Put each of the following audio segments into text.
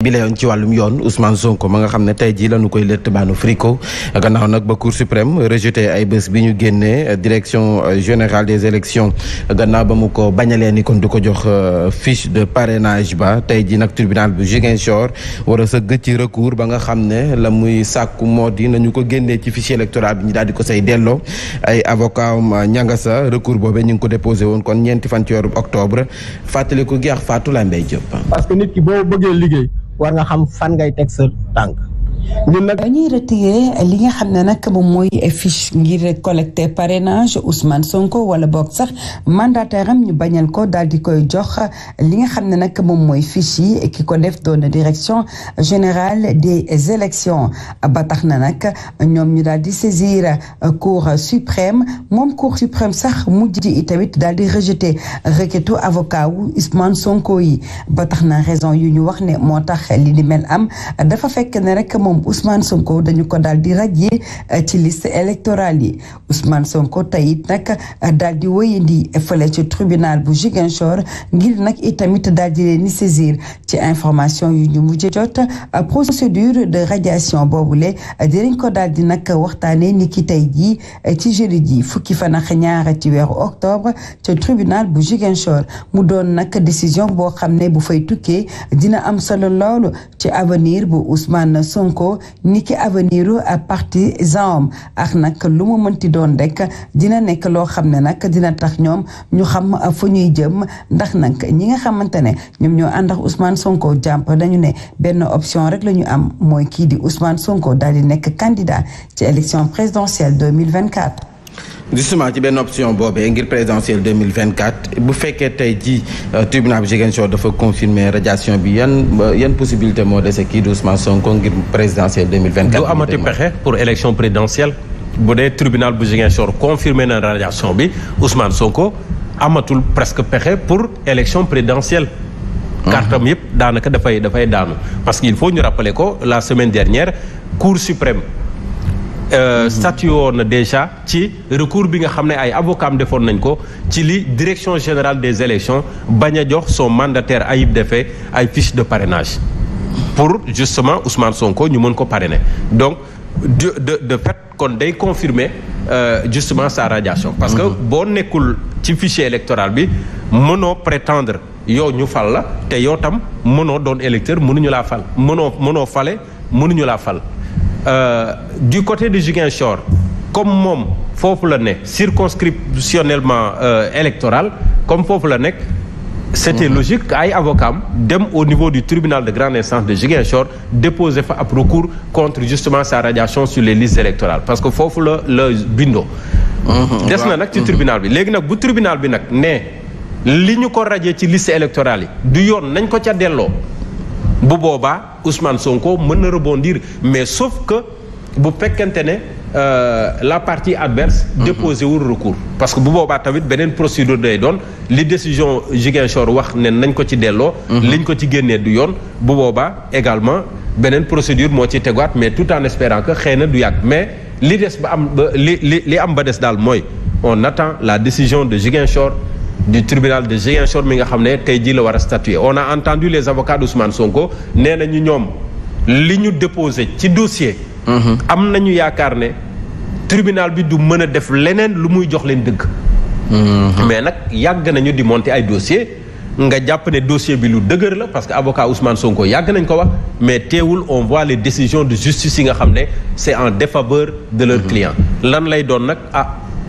bi la yoon ci wàllum yoon Ousmane Sonko ma nga xam ne tey jii lañu koy lëtt baanu frico gannaaw nag ba Cour suprême rejeté ay bés bi ñu génnee direction générale des élections gannaaw ba mu ko bañalee ni kon du ko jox euh, fiche de parenage ba tey jii nag tribunal bu Ziguinchor war a sëgg ci recours ba nga xam ne la muy sàkku moo di nañu ko génnee ci fichier électoral bi ñu daal di ko say delloo ay avocat euh, ñanga sa recours boobee ñu ngi ko déposé woon kon ñeenti fan ci weeru octobre fàttaliku geex Fatou Lambey war nga xam fan ngay teg sa tànk ñun nag dañuy retiré li nga xam ne nag moom mooy fiche ngir collecter parrainage Ousmane Sonko wala boog sax mandataire am ñu bañal ko daal di koy jox li nga xam ne nag moom fiche ki ko def doon direction générale des élections ba tax na nag ñoom ñu daal di saisir cour suprême moom cour suprême sax mujj yi tamit daal di rejeté requête avocat wu Ousmane Sonko yi ba tax na raison yu ñu wax ne moo li ni mel am dafa fekk ne rek moom Ousmane Sonko dañu ko daal di radier eh, ci liste électorale yi Ousmane Sonko tayit nak nag eh, daal di wéyandi fële ci tribunal bu Ziguinchor ngir nak itamit daal di saisir ci information yu ñu mujj jot eh, procédure de radiation boobule dinañ ko daal di nag waxtaanee ni ki tay ji ci jeudi ji fukki ñaar octobre ci tribunal bu Ziguinchor mu don nak décision bo xamné bu fay dina am solo ci avenir bu Ousmane Sonko. ko ni ki avenir parti am ak nag lu mu mënti doon rek dina nekk loo xam ne nag dina tax ñoom ñu xam fu ñuy jëm ndax nag ñi nga xamante ne ñoom ñoo ànd ak Ousmane Sonko jàmp ñu ne benn option rek la ñu am mooy kii di Ousmane Sonko daal di nekk candidat ci élection présidentielle 2024 justement a une option boobee ngir présidentielle 2024 bu fekkee que euh, le tribunal bi Ziguinchor dafa confirmer radiation y a une possibilité de ce kii Ousmane Sonko ngir présidentiel 2024. du amati pour l'élection présidentielle Si le tribunal bu Ziguinchor confirmer la radiation Ousmane Sonko a presque prêt pour l'élection présidentielle. kartam parce qu'il faut nous rappeler que la semaine dernière cour suprême. Euh, statué déjà ci recours bi nga xamné ay avocat qui nañ direction générale des élections baña jox son mandataire Ayib Daffé ay fiche de parrainage pour justement Ousmane Sonko ñu mën ko parrainer donc de de de fait confirmer euh, justement sa radiation. parce que mhm. on nekul ci fichier électoral bi peut prétendre yo ñu fal la te yo tam mëno don électeur ñu la fal mëno falé mënu ñu la fal. Euh, du côté de Chor, comme mon foofu la nez circonscriptionnellement euh, électoral comme foofu la nez, c'était mhm. logique ay avocat dem au niveau du tribunal de grande instance de Ziguinchor déposer fa à recours contre justement sa radiation sur les listes électorales parce que foofu le le C'est ce na mhm. tribunal bi le bu tribunal bi nag ne li ñu ko radier ci liste électorale du yoon nañ ko ca bu Ousmane Sonko mën rebondir mais sauf que bu qu'un ne euh, la partie adverse mhm. déposé un recours parce que bu boobaa ben une procédure de don. les décisions Ziguinchor wax ne nañ ko ci delloo mhm. liñ ko ci génnee du yoon bu également une procédure moitié ci mais tout en espérant que rien ne du mais li des ba am on attend la décision de Ziguinchor du tribunal de Chor mi nga xamné tay ji la wara statuer on a entendu les avocats d'Ousmane Sonko néna ñu ñom li ñu déposer ci dossier. Mhm. am nañu tribunal bi du mën def leneen lu muy jox mhm. mais nak yag nañu di monter ay dossier nga japp ne dossier bi lu deuguer la parce que avocat Ousmane Sonko yag nañ ko wax mais téwul on voit les décisions de justice yi nga xamné c'est en défaveur de leur mhm. client lan lay doon nak ah.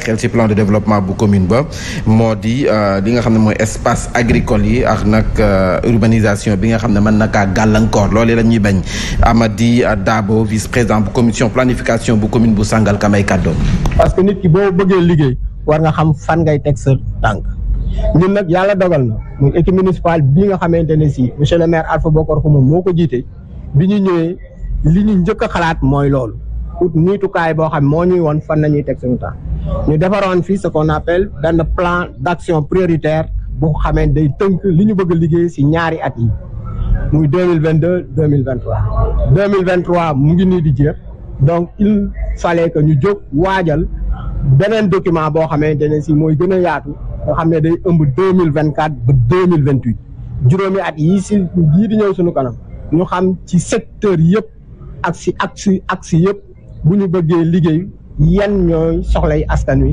bàyyi ci plan de développement bu commune ba modi di euh, nga moy espace agricole yi ak nak euh, urbanisation bi nga xam man naka galancor lolé lañuy bañ amadi euh, Dabo vice président bu commission planification bu commune bu sangal kamay kàddoom. parce que nit ki bo beugé liguey war nga xam fan ngay teg sa ñun nak yalla dogal na mu équipe municipale bi nga xamante ne monsieur le maire Alpha Bokor xum moko jité bi ñu ñëwee li ñu njëkk a xalaat mooy loolu ut kay bo xam mo ñuy won fan nañuy ñu defaroon fi ce qu'on benn plan d'action prioritaire bu xamee day tënk li ñu bëgg a liggéey ci ñaari at yi muy deux mille vingt deux deux mille vingt trois mille vingt trois mu ngi nii di jeex donc il fallait que ñu jóg waajal beneen document boo xamee ne si mooy gën a yaatu nga xam ne day ëmb deux mille vingt quatre deux mille vingt huit juróomi at yii si yii di ñëw suñu kanam ñu xam ci secteur yëpp ak si ak si ak ci yëpp bu ñu bëggee liggéey. yan ñooy soxlay askan wi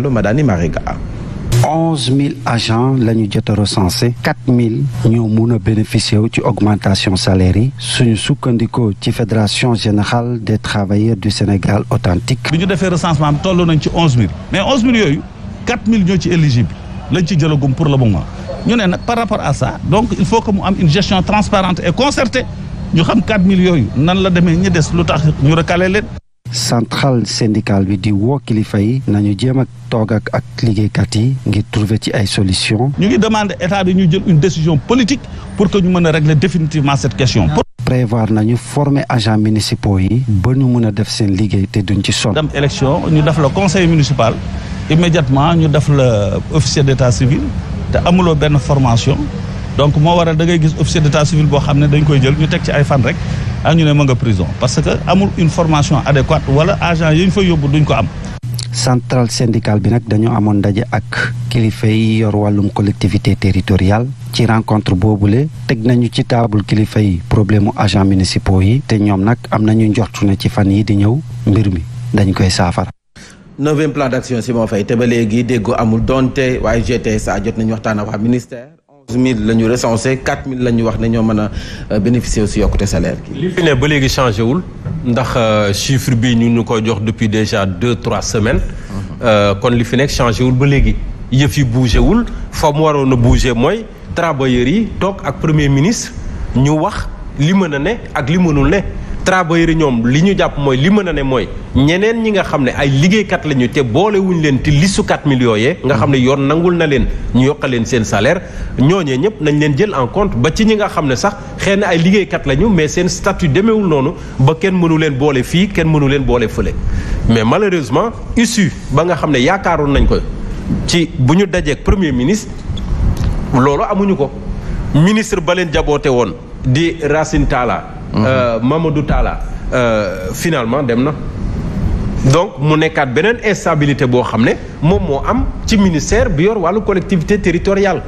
Madani Mariga. 11 000 agents la ñu jot recensé 4 000 ñoo avons bénéficié wu ci augmentation salaire yi suñu sukkandikoo ci fédération générale des travailleurs du Sénégal authentique. avons ñu le recensement am nañ ci 11 000 mais 11 000 4 000 ñoo ci éligible lañ ci pour le moment ñu par rapport à ça donc il faut que mu am une gestion transparente et concertée Nous avons 4 000 nan la demee ñu des lu ñu centrale syndicale bi di woo kilifa yi nañu jëm ak tog ak ak kat yi ngir trouver ci ay solution ñu ngi demander état bi ñu jël une décision politique pour que ñu puissions régler définitivement cette question. Ah. prévoir nañu former agents municipaux yi ba ñu mëna def seen liggéey té duñ ci son dem élection ñu def la conseil municipal immédiatement ñu def la officier d'état civil té amulo ben formation. donc moo waral da ngay gis officier d'état civil boo xam ne dañ koy jël ñu teg ci ay fan rek ak ah, ñu ne ma nga prison parce que amul une formation adéquate wala agent yi ñu fa yóbbu duñ ko am. centrale syndicale bi nag dañoo amoon ndaje ak kilifa yi yor wàllum collectivité territoriale ci rencontre boobule teg nañu ci taabul kilifa yi problème mu agents municipaux yi te ñoom nag am na nañu njortu ne ci fan yi di ñëw mbir mi dañ koy saafara. neuvième plan d'action si moo fay te ba léegi déggoo amul donte waaye GTSA jot nañu waxtaan ak waa 4 000 nous avons bénéficié aussi du côté salaire Nous avons changé wul euh, chiffre depuis déjà 2 3 semaines Nous mhm. euh, avons changé le ba Il yeuf yi bougé wul fa mooroona bougé moy trabayëri premier ministre ñu wax li mëna travailleurs yi ñoom li ñu jàpp mooy li mën a ne mooy ñeneen ñi nga xam ne ay liggéeykat lañu te boole wuñ leen ci listu 4 millions yee nga xam ne yoon nangul na leen ñu yokkal leen seen salaire ñooñee ñëpp nañ leen jël en compte ba ci ñi nga xam ne sax xëy na ay liggéeykat lañu mais seen statut demeewul noonu ba kenn mënu leen boole fii kenn mënu leen boole fële mais malheureusement issue ba nga xam ne yaakaaroon nañ ko ci bu ñu dajeek premier ministre loolu amuñu ko ministre ba leen jaboote woon di Racine Talla Euh, Mamadou Talla euh, finalement dem na. donc mu nekkaat beneen instabilité boo xam ne moom moo am ci ministère bi yor wàllu collectivité territoriale.